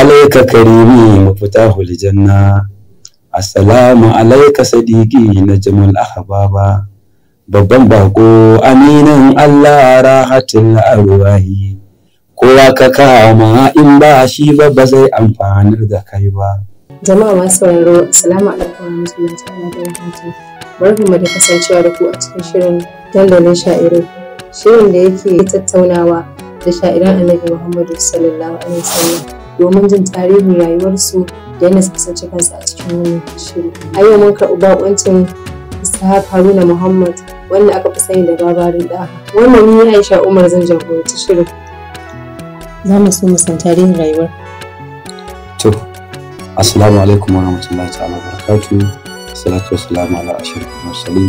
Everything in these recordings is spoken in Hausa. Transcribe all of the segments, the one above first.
alaika karimi mafitahul janna assalamu alaika sadiki najmul ahbaba babban bako aminin Allah rahatul arwahi kowa ka kama in ba shi ba ba zai amfani da kai ba jama'a masu sauraro assalamu alaikum wa rahmatullahi da rahmatu barkamu da kasancewa da ku a cikin shirin dandalin sha'irai shirin da yake tattaunawa da sha'iran annabi Muhammadu sallallahu alaihi wasallam domin jin tarihin rayuwarsu da yana kasance kansu a cikin wani shiri. A yau mun karɓi bakoncin Ishaq Haruna Muhammad wanda aka fi sani da babarin da. Wannan ni Aisha Umar zan jagoranci shirin. Za mu so mu san tarihin rayuwar. To, Assalamu alaikum wa rahmatullahi ta'ala wa barakatuhu. Salatu wa salamu ala ashirin musalli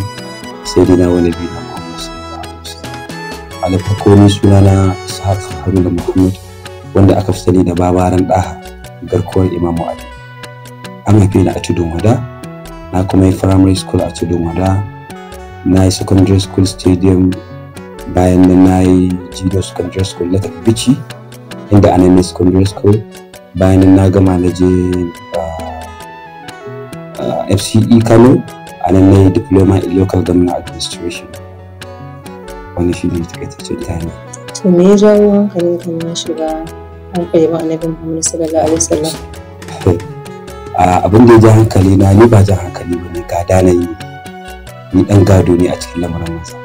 sai dina wani na Muhammad sallallahu alaihi wasallam. Alaikakoni sunana Ishaq Haruna Muhammad wanda aka fi sani da babaran ɗaha garkuwar imamu ali an haife ni a tudun wada na kuma yi primary school a tudun wada na yi secondary school stadium bayan nan na yi jido secondary school na tafi bici inda ana yi secondary school bayan nan na gama na je ah, ah, fce kano a nan na yi diploma in local government administration wani shi ne ta kai ta ne. to me ya jawo hankali kan shiga an ba Muhammad sallallahu alaihi wasallam abin da ya ji hankali na ni ba jan hankali ba ne gada na yi ni dan gado ne a cikin lamarin masa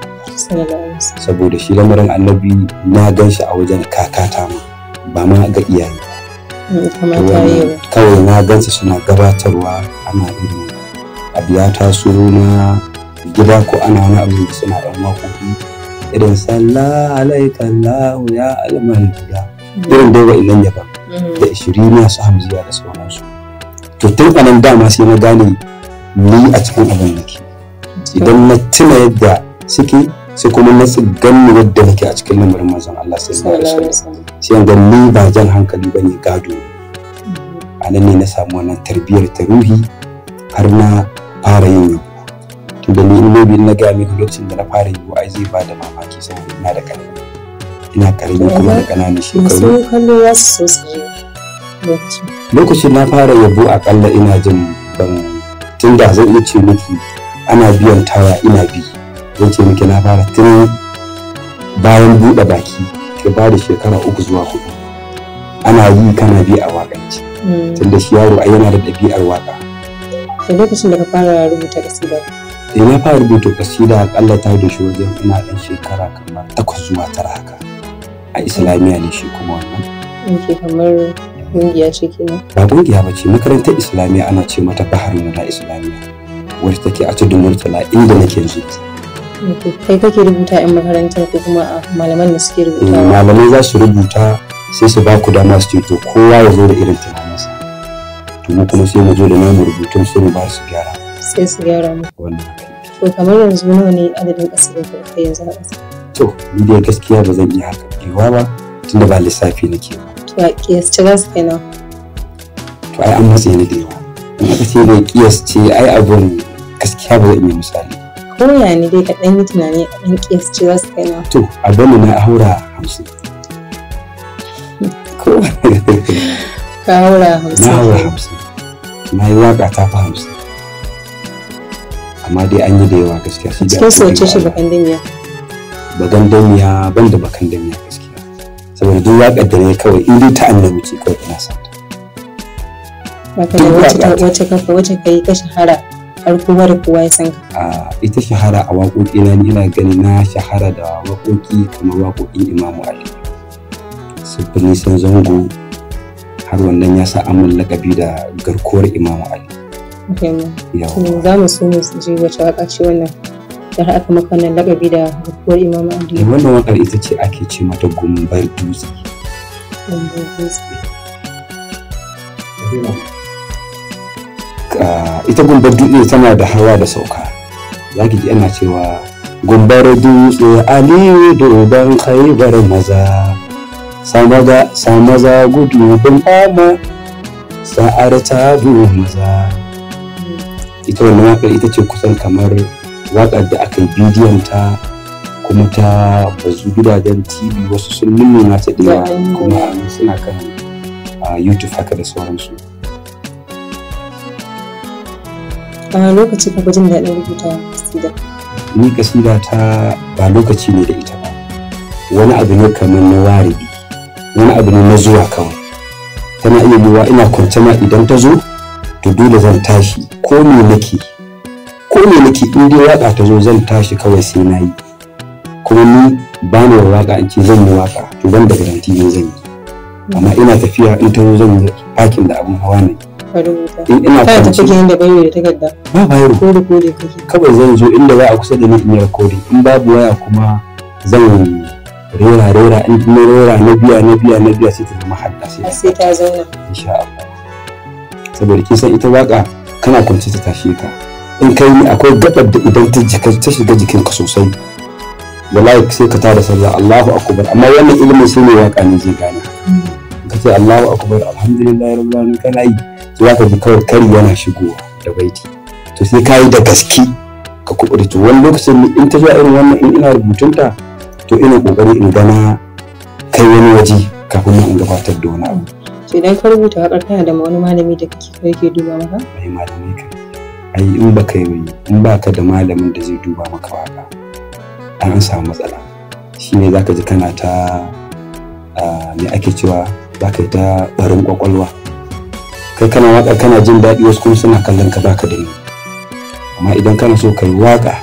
saboda shi lamarin annabi na gan shi a wajen kakata ma ba ma ga iyaye mm, kawai na gansa suna gabatarwa ana irin abu suna. taso na gida ko ana wani abu da suna yan mako. irin sallah alaikallahu ya almal irin dai wa'innan yaba mm-hmm. da ishiriniya su hamziya da sauransu to tun anan dama sai na gane ni a cikin abin nake idan na tuna yadda suke sai kuma na ganni yadda nake a cikin lamarin manzon Allah sallallahu alaihi wasallam sai ga ni ba jan hankali ne, gado mm-hmm. a nan ne na samu wannan tarbiyyar ta ruhi har na fara yin yabo to da ni in na ga miki lokacin da na fara yi wa'azi ba da mamaki saboda ina da kalma ina karami kuma da ƙananan shekaru lokacin na fara yabo akalla ina jin ban tun da zan iya ce miki ana biyan tawa ina bi zan ce miki na fara tun bayan buɗe baki ke ba da shekara uku zuwa hudu ana yi kana bi a waƙance hmm. tunda shi yaro yana da ɗabi'ar waƙa lokacin da ka fara rubuta kasida da eh, na fara rubuta kasida akalla ta da shi wajen ina ɗan shekara kamar takwas zuwa tara haka a islamiyya ne shi kuma wannan kamar kungiya ce kenan ba kungiya ba ce makarantar islamiyya ana ce mata bahar nuna islamiyya wadda take a tudun murtala inda nake yanzu kai kake rubuta yan makarantar ko kuma a malaman da suke rubuta mm, malamai za su rubuta sai su ba ku dama su ce to kowa ya zo da irin tunaninsa to mu kuma sai mu zo da namu rubutun sai mu ba su gyara sai su gyara mu wannan to kamar yanzu nawa ne adadin ƙasar da kai yanzu a to ni dai gaskiya ba zan iya haka kurewa ba tunda ba lissafi nake ba to a kiyasci gas kenan to ai an matsayi ni da yawa in aka ce bai kiyasce ai abin gaskiya ba zan iya misali Ko ya ni dai ka dan yi tunani a ɗan kiyasci gas kenan to a bani na haura hamsin ko ka haura hamsin na haura hamsin na yi waƙa ta fi hamsin amma dai an yi da yawa gaskiya shi da cikin soce shi bakan duniya bagandamiya ban da bakandamiya gaskiya saboda duk waƙar da ne kawai in dai ta annabi ce kawai ina sa ta wace kafa wace kai ta shahara har kuma da kowa ya san ka ita shahara a waƙoƙi na ni ina gani na shahara da waƙoƙi kamar waƙoƙin imamu ali sufini san zango har wannan ya sa an lakabi da garkuwar imamu ali za mu so mu je wacce waƙa ce wannan ta har aka maka wannan lakabi da rukuwar Imam Ali. Eh, wannan wakar ita ce ake ce mata gumbar dutse. Gumbar dutse. Ita gumbar dutse tana da hawa da sauka. Za ki ji ana cewa gumbar dutse Aliyu doban haibar maza. Samaza samaza gudu bin fama sa'ar ta maza. Mm. Ita wannan wakar ita ce kusan kamar waƙar da aka yi bidiyon ta kuma ta bazu gidajen tv wasu sun nuna ta daya kuma suna kan youtube haka da sauransu a lokaci ka jin daɗin rubuta kasida ni kasida ta ba lokaci ne da ita ba wani abu ne kamar na waribi wani abu ne na zuwa kawai tana iya yiwuwa ina kwance ma idan ta zo to dole zan tashi ko me nake ko me nake in dai waka ta zo zan tashi kawai sai na yi kuma ni ba ni waka in ce zan yi waka to ban da garanti ne zan yi amma ina tafiya in ta zo zan yi fakin da abun hawa ne in eh, ina ta tafi gidan da bayo da takarda ba bayo ko da kode kake kawai zan zo inda za a kusa da ni in yi recording in babu waya kuma zan rera rera in kuma rera na biya na biya na biya sai ta zama hadda sai ta zauna insha Allah saboda kin san ita waka kana kwance ta tashi ka in kai ni akwai gabar da idan ta ta shiga ka sosai wallahi sai ka tada sallah Allahu akbar amma wannan ilimin sai ne waka ne zai gane ka ce Allahu akbar alhamdulillah rabbil alamin kana yi to zaka ji kawai kari yana shigowa da baiti to sai ka da gaske ka kuɓuri to wani lokacin in ta zuwa irin wannan in ina rubutunta to ina kokari in gana kai wani waje kafin in gabatar da wani abu. sai dai ka rubuta waƙar tana da wani malami da kake duba maka? Mai malami ka. ai in baka yi in baka da malamin da zai duba maka ba an samu matsala shine zaka ji kana ta me ake cewa zaka yi ta barin kwakwalwa kai kana waka kana jin daɗi wasu kuma suna kallon ka baka da ni amma idan kana so ka yi waka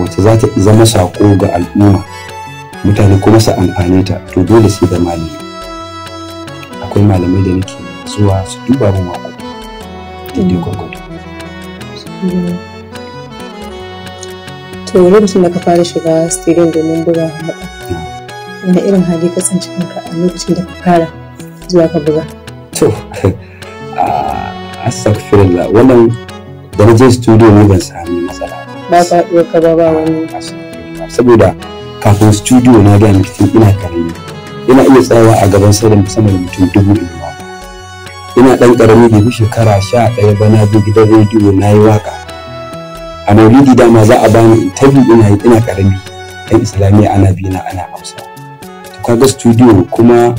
wacce za zama sako ga al'umma mutane kuma su amfane ta to dole sai da malami akwai malamai da nake zuwa su duba min waƙoƙi daidai gwargwado Mm. to lokacin da ka fara shiga stadium domin buga haɗa, wani irin hali ka tsinci kanka a lokacin da ka fara zuwa ka buga to ah, astagfirullah wannan da na je studio ne ban sami matsala ba ka ɗuwa ka ba ba wani ah, saboda kafin studio na ga mutum ina karami ina iya tsayawa a gaban sauran sama da mutum dubu ina ɗan karami da bi shekara sha ɗaya ba na je gidan rediyo na yi waƙa a maulidi ma za a bani intabi ina yi ina karami dan islamiyya ana bi na ana hausa to kaga studio kuma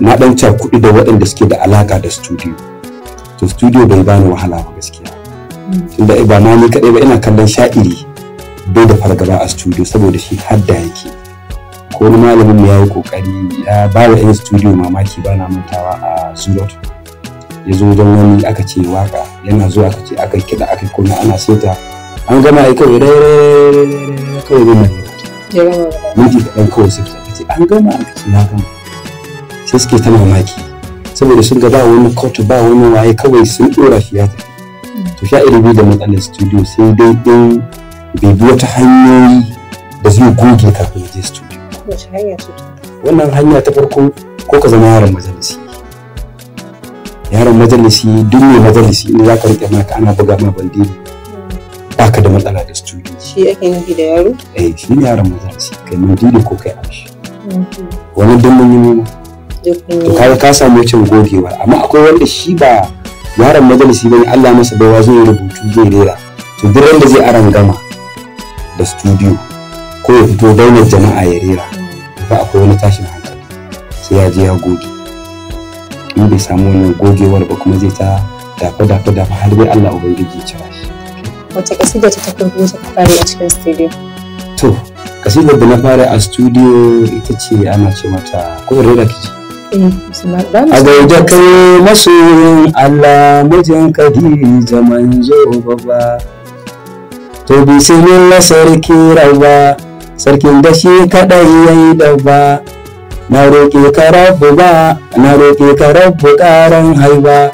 na ɗan cakuɗi da waɗanda suke da alaka da studio to studio bai bani wahala ba gaskiya tunda ba na ni kaɗai ba ina kallon sha'iri bai da fargaba a studio saboda shi hadda yake ko wani malamin mu ya yi kokari ya ba wa 'yan studio mamaki ba na mantawa a zuwa ya zo wajen wani aka ce waka yana zuwa aka ce aka kiɗa aka kuma ana seta an gama ya kawai da kawai zai na minti kaɗan kawai sai aka ce an gama aka ce na gama sai suke ta mamaki saboda sun ga ba wani kotu ba wani waye kawai sun ɗora shi ya tafi to sha iri da matsalar studio sai dai ɗin bai bi wata hanyoyi da zai goge kafin ya je studio wannan hanya ta farko ko ka zama yaron majalisi yaron majalisi duk mai majalisi ne za ka riƙe naka ana buga ma bandiri baka da matsala da studio shi ake nufi da yaro eh shi ne yaron majalisi kai mandiri ko kai amshi wani don mun yi noma to kai ka samu cin gogewa amma akwai wanda shi ba yaron majalisi bane Allah masa baiwa zai rubutu zai rera to duk wanda zai arangama da studio ko ya fito daular jama'a ya rera ba akwai wani tashin hankali sai ya je ya goge in bai samu wannan gogewar ba kuma zai ta dafa dafa dafa har dai Allah ubangiji ya cira shi wata kasida ta tafi rubuta ta fara a cikin studio to kasidar da na fara a studio ita ce ana ce mata ko rera eh, ce. a gaida kai yin Allah mijin zaman manzo ba. to bisimillah sarki ba. sarkin da shi ya yayi da ba na roƙe ka rabu ba na roƙe ka rabu ƙaran haiba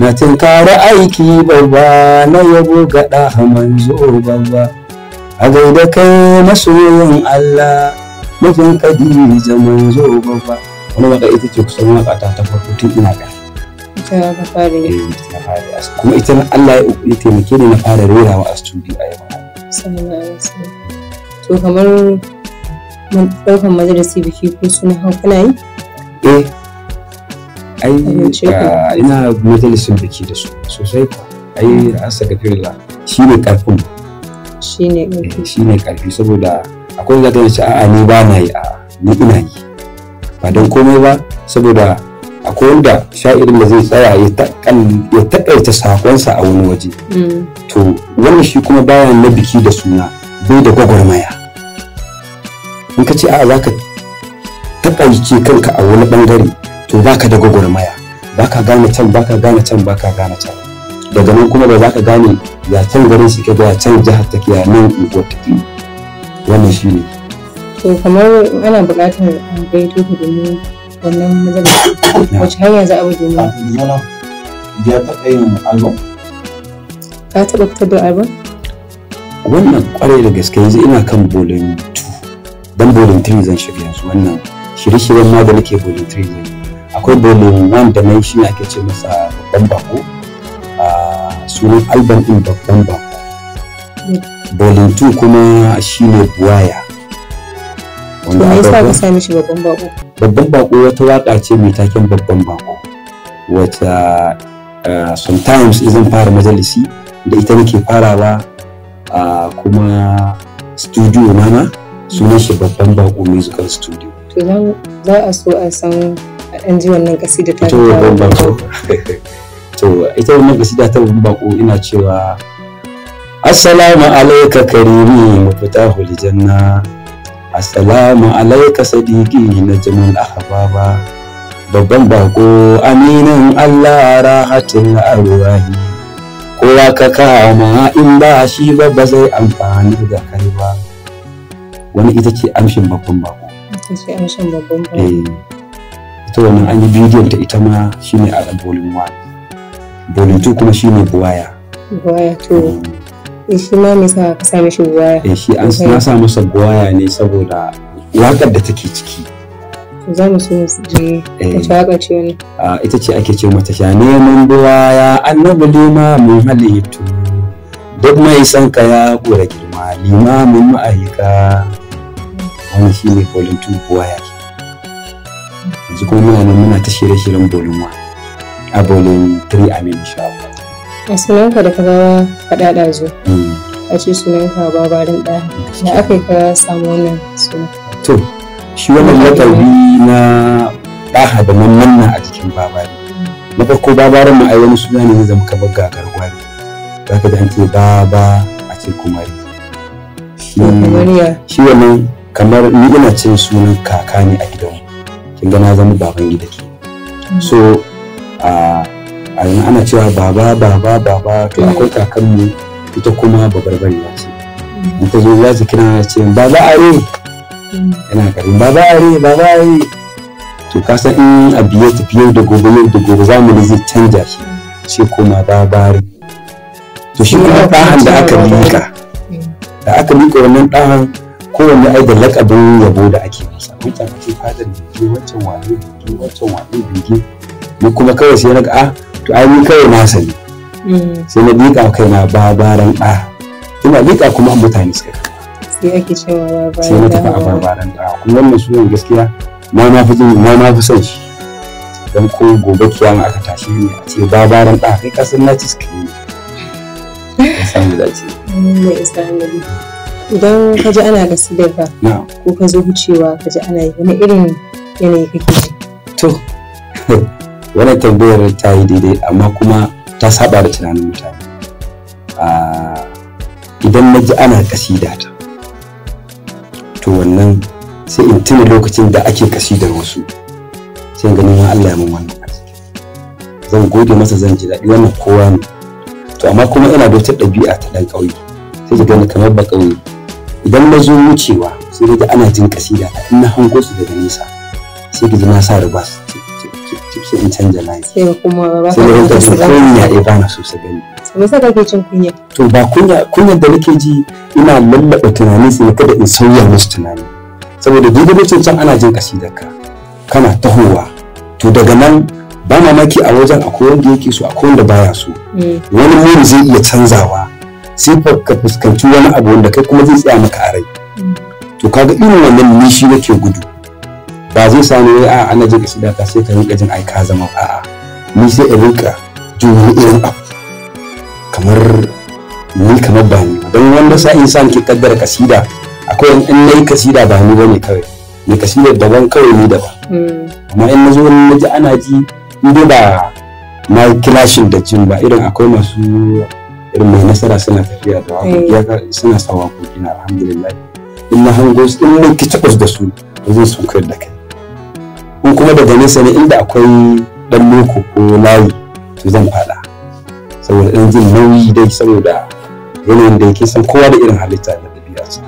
na tinkara aiki babba na yabo ga ɗa manzo babba a gaida kai masoyin Allah nufin Khadija manzo babba wani wadda ita ce kusan waka ta ta farko tun ina ga eh, kuma ita na Allah ya taimake ni na fara rera wa a studio a yau to kamar na ɗaukan madarasi biki ko suna hau yi? eh ai ah, ina majalisin biki da su sosai ai asa ga firila, shi ne ƙarfin. Eh, shi ne ƙarfi. shi ne karfi saboda akwai zata yi a'a ni ba na yi a ni ina yi ba don komai ba saboda akwai wanda sha'irin da zai tsaya ya taƙaita sakonsa a wani waje mm. to wannan shi kuma bayan na biki da suna bai da gwagwarmaya in ka ce a'a za ka taƙaice kanka a wani bangare to baka da gwagwarmaya baka gane can baka gane can baka gane can daga nan kuma ba za ka gane ya can garin suke ba can jihar take ya nan unguwar take wannan shi ne to kamar ana buƙatar an gaito ku domin wannan matsalar wacce hanya za a bi domin ah, ya taɓa yin album ka taɓa fitar da album wannan kwarai da gaske yanzu ina kan bolon dan voluntary zan shiga yanzu wannan shirye-shiryen ma da nake voluntary zan akwai volume wan da na shi ake ce masa babban bako sunan album din babban bako volume tu kuma shine buwaya wanda me yasa ka sami shi babban bako babban bako wata waka ce mai taken babban bako wata sometimes izan fara majalisi da ita nake farawa kuma studio na na. sunan shi babban bako musical studio to za a so a san an ji wannan kasida ta ta babban bako to ita wannan kasida ta babban bako ina cewa assalamu alaika karimi mafitahu lijanna assalamu alaika sadiqi najmul ahbaba babban bako aminin allah rahatin arwahi kowa ka kama in ba shi ba ba zai amfani da kai ba wani ita ce amshin babban bako eh, ita wannan an yi bidiyon ta ita ma shine a bolin wa bolin tu kuma shine buwaya buwaya to eh, shi ma mai sa kasa same shi buwaya eh, shi an na sa masa buwaya ne saboda wakar da take ciki za mu so je ta waka ce ne ita ce ake ce mata sha neman buwaya nuna lima mun halittu duk mai son ka ya kura girma limamin ma'aika wani shi ne bolin tun buwa ya yanzu kuma muna nan muna ta shirye-shiryen bolin wa a bolin 3 amin insha a sunanka da ka gawa faɗa ɗazu hmm. a ce sunanka babarin ɗa da aka yi ka samu wannan suna to shi wannan lakabi na ɗaha da nan a jikin babari hmm. na farko babarin mu ai wani suna ne zai zama kamar gagar gwari za ka ji an ce baba a ce kumari shi wannan kamar ni ina cin sunan kaka ne a gidan kin ga na zama baban gida ke so a yanzu ana cewa baba baba baba to akwai kakanmu ita kuma ba ce in ta zo za su kira ce baba are yana kare baba are baba are to ka san in a biye ta yau da gobe yau da gobe za da zai canja shi sai kuma baba are to shi kuma ɗahan da aka mika da aka mika wannan ɗahan kowanne ai da lakabin yabo da ake masa wancan a ce fadar bege wancan wane bege wancan wane bege ni kuma kawai sai na ga ah to ai ni kawai na sani mm. sai na liƙa kai na babaran a ina liƙa kuma mutane suka sai ake cewa babaran sai na tafi a babaran a kuma wannan sunan gaskiya na ma fi na ma fi son shi dan ko gobe kiyama aka tashi ne a ce babaran da kai kasan na ci suka yi samu dace ne iska hankali idan ka ji ana kasidar ka ko ka zo wucewa ka ji ana yi wani irin yanayi kake ji to Wani tambayar ta yi daidai amma kuma ta saba da tunanin mutane ah, idan na ji ana kasida ta to wannan sai in tuna lokacin da ake kasidar wasu sai ganin ma Allah ya min wannan zan gode masa zan ji daɗi wannan kowa ne to amma kuma ina da wata ɗabi'a ta ɗan ƙauye sai ki gani kamar ba ƙauye idan na zo wucewa sai da ana jin kasida in na hango su daga nesa sai da na sa ribas sai in canza layi sai kuma ba sai da jin kunya ya eh, bana so su gani me yasa kake cin kunya to ba kunya kunyar da nake ji ina lallaba tunani sai kada in sauya musu tunani saboda duk lokacin can ana jin kasidar ka kana tahowa to daga nan ba mamaki a wajen akwai wanda yake so akwai wanda baya so mm. wani mun zai iya canzawa sai ka fuskanci wani abu wanda kai kuma zai tsaya maka a rai to kaga irin wannan ne shi nake gudu ba zai samu wai a ana jin da ka sai ka rinka jin aika zama a a'a ni sai in rinka jin wani irin abu kamar ni kamar ba ni don wanda sa insan ke kaddara kasida akwai in nayi kasida ba ni bane kawai ne kasida daban kawai ni daban hmm. amma in nazo wani naji ana ji ni ba na kilashin da jin ba irin akwai masu irin mai nasara suna tafiya da waƙoƙi eh. suna sawa waƙoƙi na alhamdulillah in na hango su in mun ki takwas da su ba zan sun kai da kai in kuma daga nesa ne inda akwai dan loko ko layi to zan faɗa saboda ɗan jin nauyi dai saboda yanayin da yake san kowa da irin halitta da su.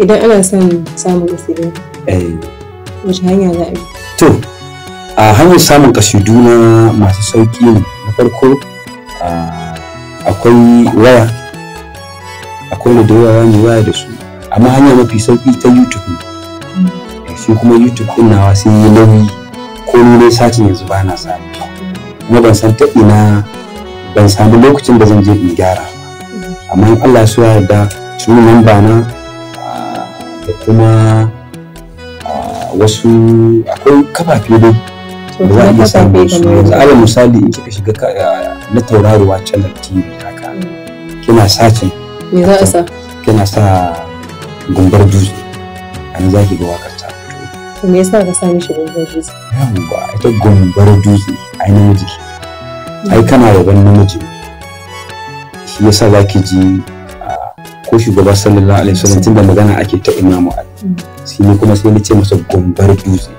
idan ana son samun asirin eh. wace hanya za a bi to a hanyar samun kasidu na masu sauƙi ne na farko akwai waya akwai da waya mai waya da su amma hanya mafi sauki ta youtube ne eh, shi kuma youtube din nawa sai yi nauyi ko ni dai sacin yanzu ba na samu kuma ban san ta ina ban samu lokacin da zan je in gyara amma in Allah ya yarda tuni nan ba na da kuma wasu akwai kafafe dai da za a iya samun su yanzu alal misali in kika shiga na tauraruwa channel tv kina sacin me za a sa kina sa gumbar dutse An za zaki ga wakar ta to me yasa ka sa mishi gumbar dutse yawa ita gumbar dutse ai namiji ai kana ban namiji shi yasa zaki ji ko shugaba sallallahu alaihi wasallam tunda magana ake ta imamu ali mm. shi ne kuma sai ce masa gumbar dutse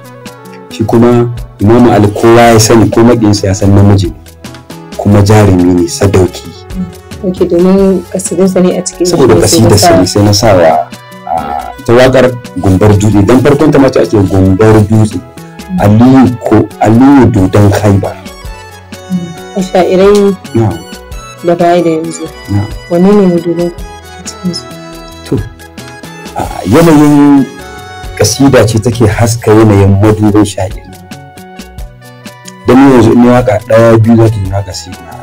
shi kuma imamu ali kowa ya sani ko maƙinsa ya san namiji kuma jarumi ne sadauki Ake domin kasidinsa ne a cikin saboda kasidarsa ne sai na sa wa ta wakar gumbar dutse don farkon ta mace ake gumbar dutse aliyu ko aliyu dodon haiba a sha'irai da baya da yanzu wani ne mu dodon to yanayin kasida ce take haska yanayin madubin sha'iri don yanzu in waka ɗaya biyu za ta yi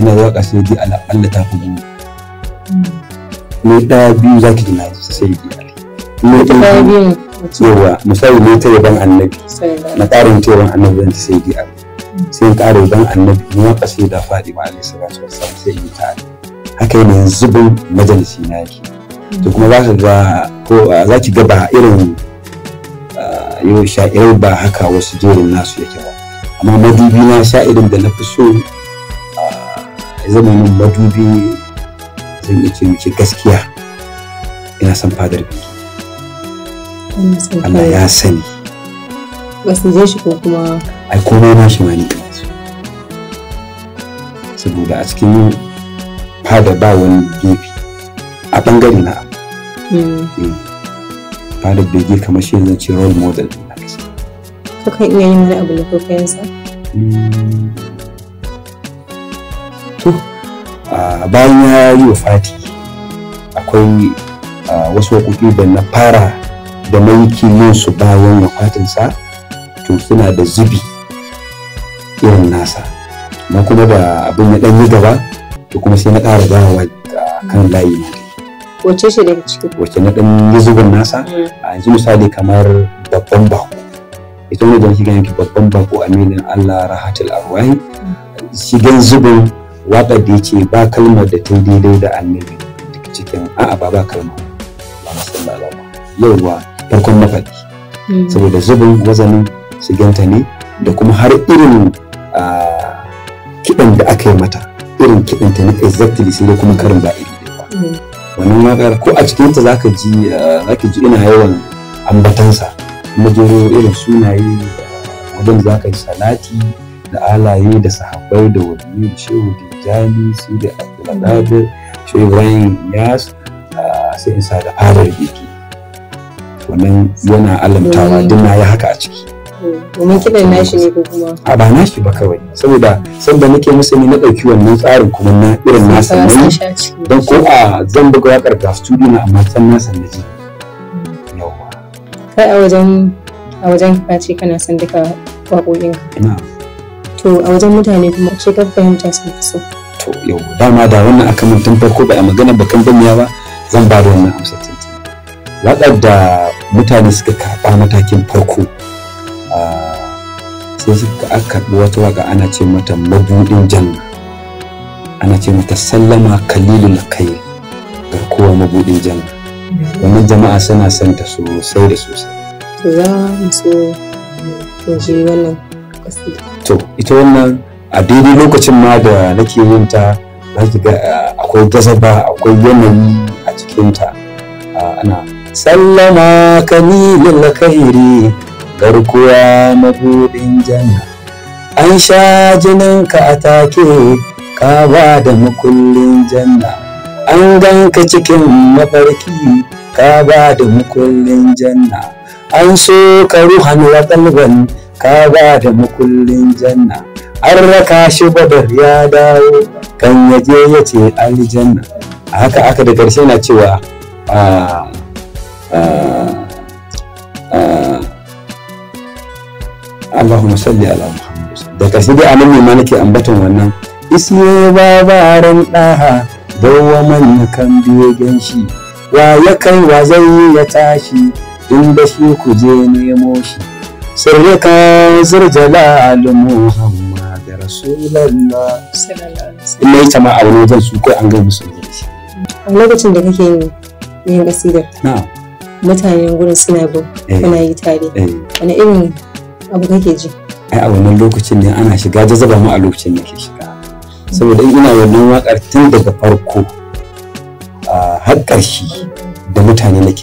ina waka ƙasa dai Allah ta fi gani ne ɗaya biyu za ki gina sai yi ne ɗaya biyu yawa misali ne ta yaban annabi na ƙarin ta yaban annabi zan ci sai dai ala sai ƙara yaban annabi ne waka sai da faɗi ma alaihi salatu wassalam sai yi ta haka yana zubin majalisi na yake to kuma za ka ga ko za ki ga ba irin yau sha'irar ba haka wasu jerin nasu yake ba amma madubi na sha'irin da na fi so zama min madubi zan yi ce miki gaskiya ina son fadar biki Allah ya sani ba su shi ko kuma ai ko na shi ma saboda a cikin fada ba wani gefe a bangare na hmm. hmm. fada bege kamar shi zan ce role model ka kasa iya yin wani abu da kokayensa to bayan ya yi wa fati akwai wasu waƙoƙi da na fara da maiki yin su bayan wafatinsa to suna da zubi irin nasa na kuma da abin ya ɗan yi gaba to kuma sai na ƙara dawowa kan layi na wace shi daga ciki wace na ɗan yi zubin nasa mm. a yanzu misali kamar babban bako ita wani da nake yanki babban bako aminin Allah rahatul arwai mm. shigan zubin waƙar da yake ba kalmar da ta daidai da annabi duk cikin a'a ba ba kalma ba musamman alama wa farkon mafaɗi hmm. saboda zubin wazanin shiganta ne da kuma har irin kiɗan da aka yi mata irin kiɗan ta ne exactly sai kuma karin ba iri ba hmm. wannan waƙar ko a cikinta za ka ji ji ina yawan ambatansa majoro irin sunaye abin za ka yi salati da alaye da sahabbai da waliyu da shehu tijjani su da abdulkadir shehu ibrahim yas sai isa da adar biki wannan yana alamtawa mm. dina ya yi haka a ciki domin kiɗan nashi ne ko kuma a ba nashi ba kawai saboda da nake musu ne na ɗauki wannan tsarin kuma na irin nasa ne don ko a zan buga waƙar ga studio na amma san na na ji yawa kai a wajen a wajen ka ce kana san duka waƙoƙinka na'am to a wajen mutane kuma ce ka fahimta su so to yau dama da wannan aka mun tun farko ba a magana ba kan gamiya ba zan ba da wannan amsa tintin waƙar da mutane suka karɓa matakin farko sai suka aka karɓi wata waƙa ana ce mata mabuɗin janna ana ce mata sallama kalilul ga garkuwa mabuɗin janna wannan jama'a suna son ta sosai da sosai to za mu so mu ji wannan kasida to ita wannan a daidai lokacin ma da nake yin ta ki ga eh, akwai gazaba akwai yanayi a cikinta ah, ana sallama ka ni lillakairi garkuwa mabudin janna an sha jininka a take ka ba da makullin janna an ganka cikin mafarki ka ba da makullin janna an so ka ruhan wa ka ba da makullin janna an raka shi badar ya dawo kan ya je ya ce aljanna haka aka da karshe na cewa ah, ah, ah, Allahumma salli ala Muhammad da karshe dai anan ne ma nake ambaton wannan isiye babaran daha dawwaman kan biye ganshi wa ya kai wa zai ya tashi inda shi ku je nemo shi سرك ذو الجلال محمد رسول الله in yi ta ma a wani wajen su kai an gai musu a lokacin da kake yin yin kasidar mutanen gurin suna eh. yi tare eh. irin abu kake ji a wannan lokacin ne ana shiga jazaba mu a lokacin da ke shiga saboda ina wannan wakar tun daga farko ah, har ƙarshe da mutane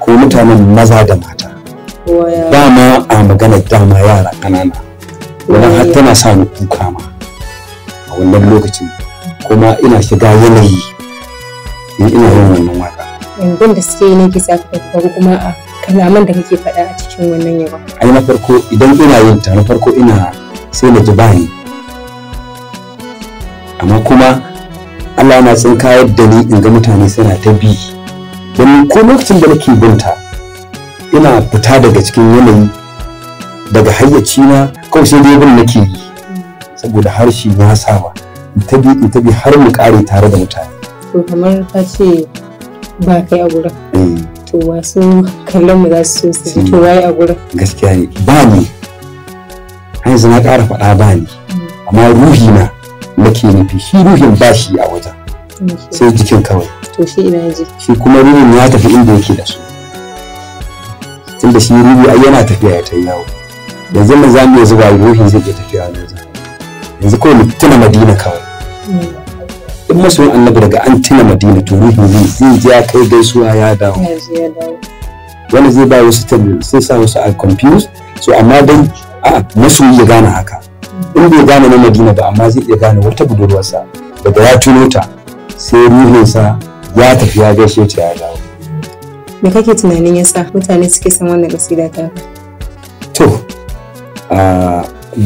ko mutanen maza da mata dama a magana dama yara ƙanana wani har tana sa ni kuka ma a wannan lokacin kuma ina shiga yanayi in ina yin wannan waka yanzu da suke yi ne kisa ka ka kuma a kalaman da kake faɗa a cikin wannan yawa ai na farko idan ina yin ta na farko ina sai na ji bani amma kuma Allah na tsinka yadda ni in ga mutane suna ta bi domin ko lokacin da nake binta ina fita daga cikin yanayi daga hayyacina kawai sai dai bin nake yi saboda harshe na saba ita bi ita bi har mu kare tare da mutane to kamar ka ce ba kai a gurin eh. to wasu kallon mu za su so su to wai a gurin gaskiya ne ba ni har yanzu na ƙara faɗa ba ni mm. amma ruhi na nake nufi shi ruhin ba shi a wajen mm, sai jikin kawai to shi ina ji shi kuma ruhin ya tafi inda yake da su da shi rubi ai yana tafiya ya ta yawo yanzu mu zamu yanzu zuba ruhin zai iya tafiya nan yanzu kawai mu tuna madina kawai in masoyin annabi daga an tuna madina to ruhin zai ji ya kai gaisuwa ya dawo wani zai ba wasu sai sa wasu a confuse so amma dan a yi ya gane haka in bai gane na madina ba amma zai iya gane wata budurwarsa daga ya tuno ta sai ruhinsa ya tafi ya gaishe ta ya dawo me kake tunanin yasa mutane suke son wannan gasida ta to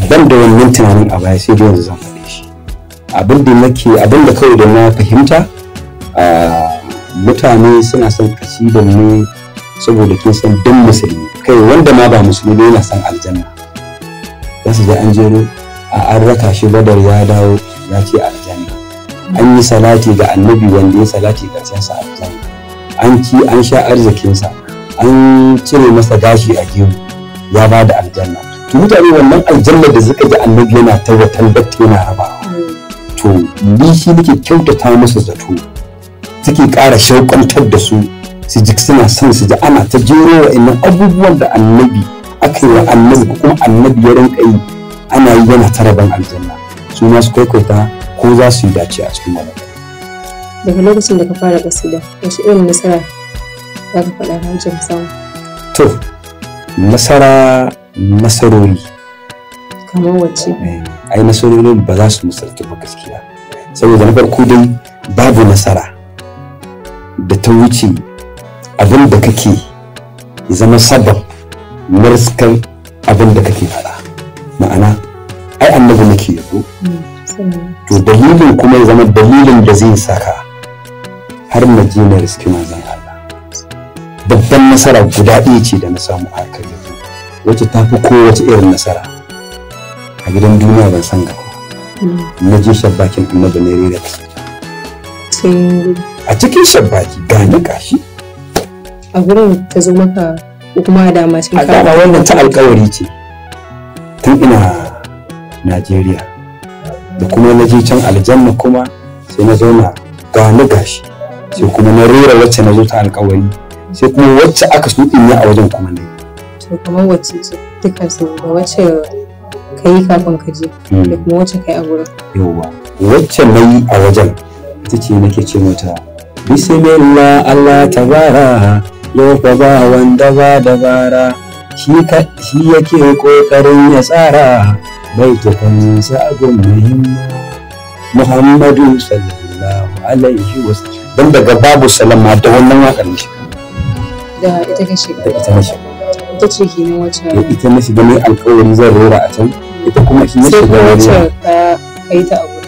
ban da wannan tunanin a baya sai dai yanzu zan faɗe shi abin da nake abin da kawai da na fahimta mutane suna son kasidan ne saboda kin san dan musulmi kai wanda ma ba musulmi yana son aljanna zasu su je an jero a an raka shi badar ya dawo ya ce aljanna an yi salati ga annabi wanda ya salati ga sa aljanna an ci an sha arzikinsa an cire masa gashi a gemu ya ba da aljanna to mutane wannan aljanna da suka ji annabi yana tabbatar da yana rabawa to ni shi nake kyautata musu zato suke ƙara shauƙantar da su su ji suna son su ji ana ta jero wa'annan abubuwan da annabi aka yi wa annabi kuma annabi ya rinka yi ana yi yana ta rabon aljanna su ma su kwaikwaita ko za su yi dace a cikin wannan daga lokacin da ka fara kasida wace irin nasara za ka faɗa na wajen samu to nasara nasarori kamar wacce eh, ai nasarorin ba za su misaltu ba gaskiya saboda na farko dai babu nasara da ta wuce abin da kake zama sabab marskan abin da kake fada ma'ana ai annabi nake yabo mm, to dalilin kuma ya zama dalilin da zai saka har na je na riski manzon Allah babban nasara guda ɗaya ce da na samu a kan yanzu wacce ta fi kowace irin nasara a gidan duniya ban san gaba mm. na je shabbakin annabi ne rera a cikin shabbaki ni gashi a gurin ta zo maka kuma da masu kawo a wannan ta alkawari ce tun ina najeriya da kuma na je can aljanna kuma sai na zauna ni gashi sai kuma na rura wacce na zo ta alkawari sai kuma wacce aka so in yi a wajen kuma ne to kamar wacce duka su ga wacce ka yi kafin ka je hmm. da kuma wacce ka yi a gurin yawwa wacce na yi a wajen ita ce nake ce mata bismillah allah tabara yau fa ba wanda ba dabara shi yake kokarin ya tsara bai tukunsa a gun muhimma muhammadu sallallahu alaihi wasallam don daga babu salama da wannan wakar ne da ita ne shiga da ita na shiga ita ce ke na wacce da ita na shi ne alkawari zan rora a can ita kuma shi ne shiga wani sai kuma wacce ta abu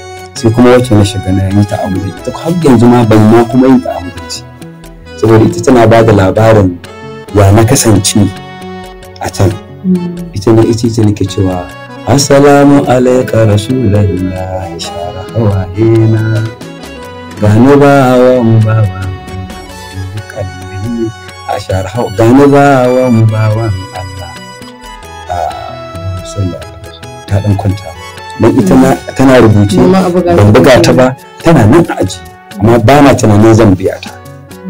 sai kuma wacce na shiga na yi ta abu da ita har yanzu ma ban ma kuma yin ta abu ce saboda ita tana ba da labarin ya na kasance a can mm. ita ne ita ce nake cewa assalamu alaika rasulullahi shara hawaye na gani bawan bawan kalbi a sharhau gani bawan bawan Allah a sallah ta dan kwanta don ita tana rubuce ban buga ta ba tana nan a aji amma ba na tunanin zan biya ta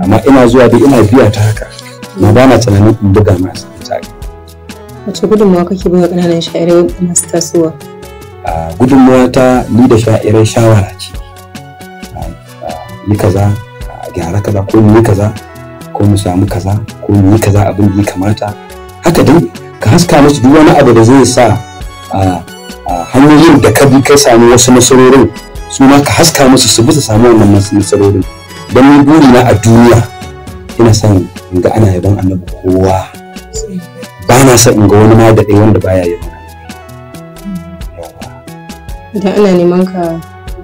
amma ina zuwa dai ina biya ta haka na ba na tunanin in buga masu tsari wace gudunmawa kake bai wa ƙananan sha'irai masu tasowa? gudunmawa ta ni da sha'irai shawara ce yi kaza a gyara kaza ko mu yi kaza ko mu samu kaza ko mu yi kaza abin da ya kamata haka dai ka haska musu duk wani abu da zai sa a hanyoyin da ka bi kai samu wasu nasarorin su ma ka haska musu su bisa samu wannan nasarorin don ni burina a duniya ina son in ga ana yaban annabi kowa ba na son in ga wani ma da ɗaya wanda baya yaban idan ana neman ka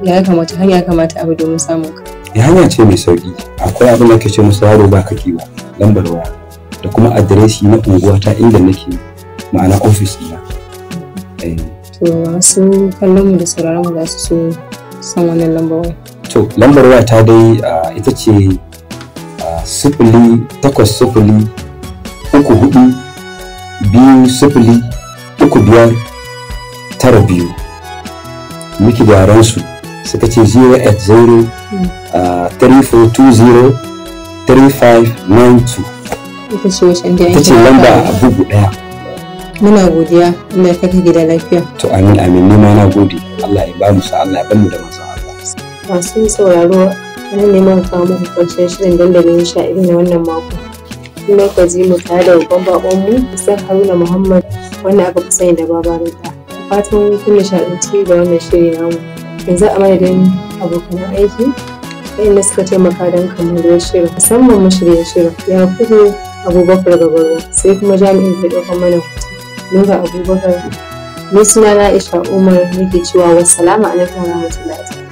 ya kamata hanya kamata abu domin samun ka ya eh, hanya ce mai sauki akwai abin da kace musu yaro ba kake ba lambar waya da kuma adireshi na unguwa ta inda nake ma'ana ofis ɗina eh. to masu kallon mu da sauraron mu za su so san wannan lambar waya to lambar waya ta dai ita ce sifili takwas sifili uku hudu biyu sifili uku biyar tara biyu miki da su suka ce 080 ita ce bugu daya muna godiya Allah ya kaka gida lafiya to amin amin ni na gode Allah ya ba mu Allah ya mu da masu Allah masu sauraro nan neman mun kawo muku shirin dandalin sha'iri na wannan mako kuma ka ji mu tare da babban bakon mu Isar Haruna Muhammad wanda aka fi sani da babarinta fatan kun nishaɗanci da wannan shirin namu yanzu a madadin abokan aiki waɗanda suka taimaka don kammalar shirin musamman mashirya shirin ya kudu abubakar gabarwa sai kuma jami'in da ɗaukar mana hoto Nuna abubakar ni suna na umar nake cewa wasu salama alaikum warahmatullahi